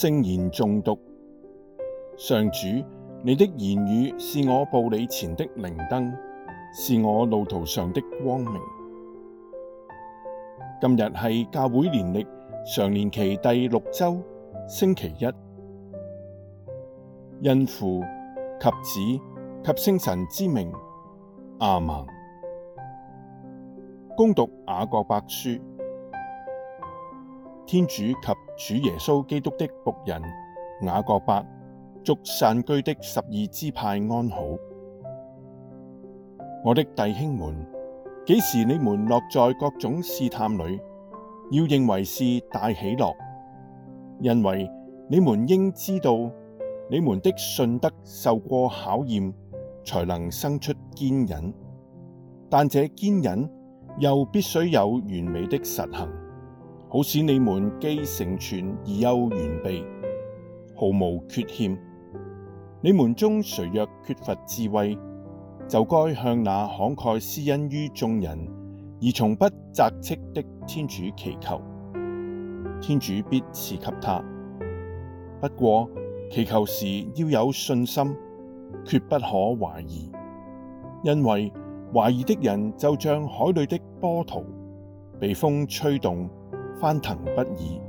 聖言誦讀，上主，你的言語是我步履前的靈燈，是我路途上的光明。今日係教會年曆常年期第六周星期一，因父及子及聖神之名，阿們。恭讀雅各伯書。天主及主耶穌基督的僕人雅各伯，祝散居的十二支派安好。我的弟兄們，幾時你們落在各種試探裏，要認為是大喜樂，因為你們應知道，你們的信德受過考驗，才能生出堅忍，但這堅忍又必須有完美的實行。好使你們既成全而又完備，毫無缺欠。你們中誰若缺乏智慧，就該向那慷慨施恩於眾人而從不責斥的天主祈求，天主必賜給他。不過，祈求時要有信心，決不可懷疑，因為懷疑的人就像海裏的波濤，被風吹動。翻騰不已，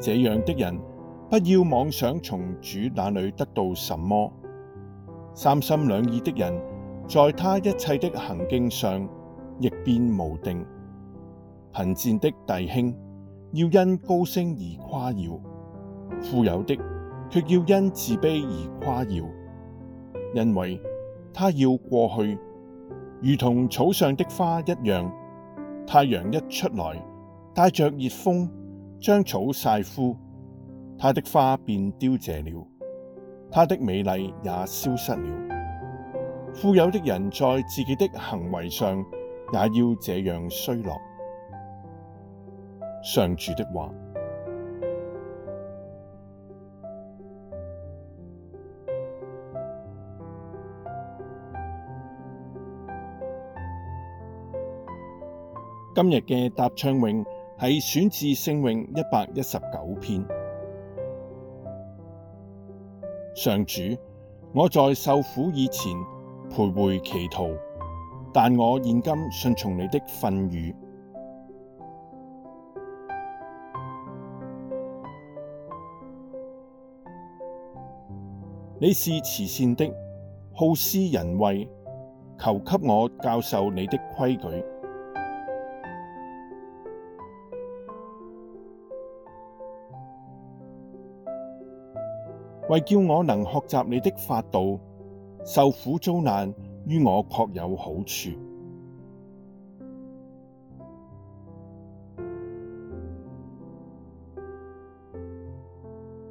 這樣的人，不要妄想從主那裏得到什麼。三心兩意的人，在他一切的行徑上，易變無定。貧賤的弟兄，要因高升而誇耀，富有的，却要因自卑而誇耀，因為他要過去，如同草上的花一樣，太陽一出來。帶着熱風將草曬枯，它的花便凋謝了，它的美麗也消失了。富有的人在自己的行為上，也要這樣衰落。上主的話：今日嘅答唱詠。係選自聖詠一百一十九篇。上主，我在受苦以前，徘徊歧途，但我現今順從你的訓語。你是慈善的，好施仁惠，求給我教授你的規矩。為叫我能學習你的法度，受苦遭難於我確有好處。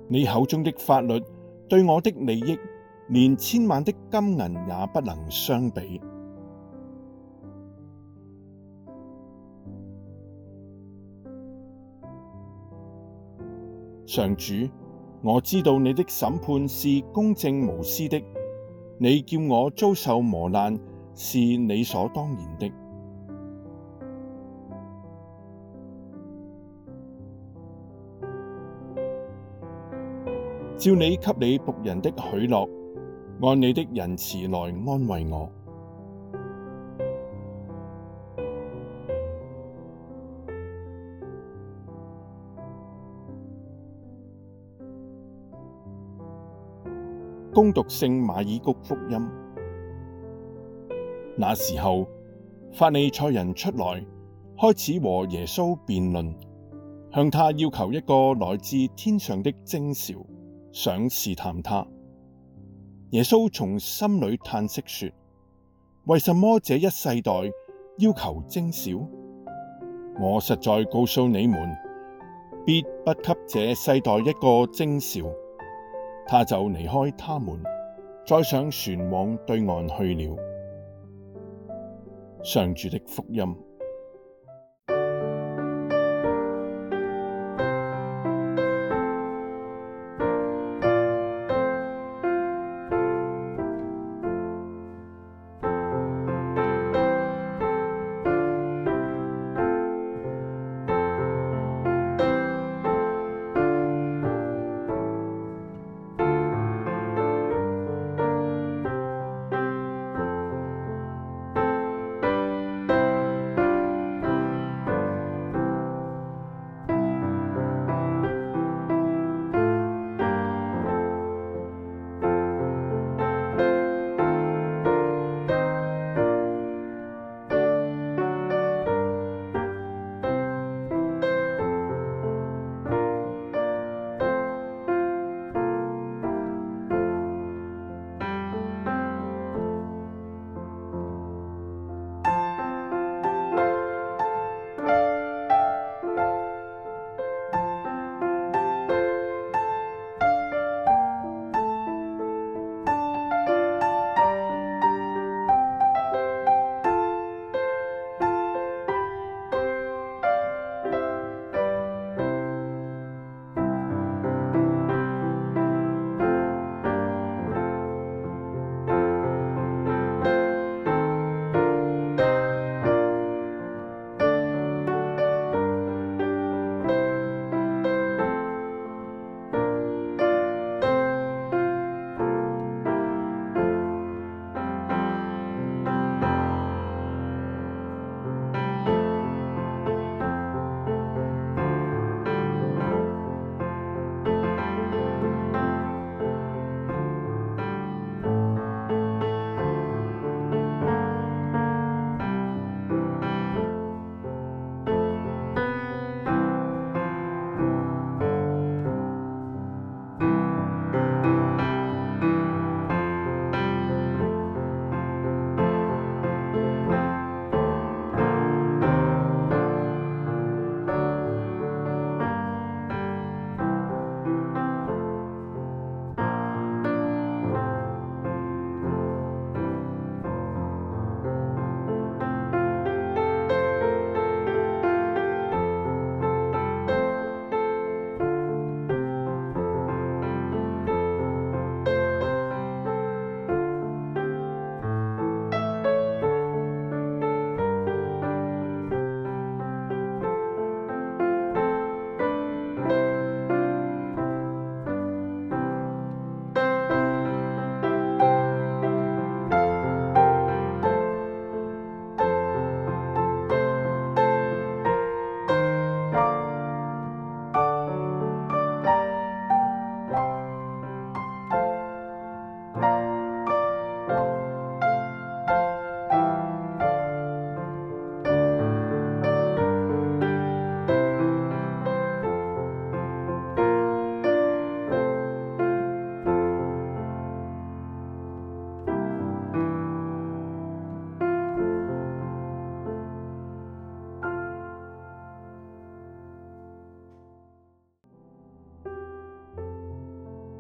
你口中的法律對我的利益，連千萬的金銀也不能相比。上主，我知道你的審判是公正無私的，你叫我遭受磨難是理所當然的。照你給你僕人的許諾，按你的仁慈來安慰我。恭讀聖馬爾谷福音，那時候，法利賽人出來，開始和耶穌辯論，向他要求一個來自天上的徵兆，想試探他。耶穌從心裏嘆息說：為什麼這一世代要求徵兆？我實在告訴你們，必不給這世代一個徵兆。他就離開他們，再上船往對岸去了。上主的福音。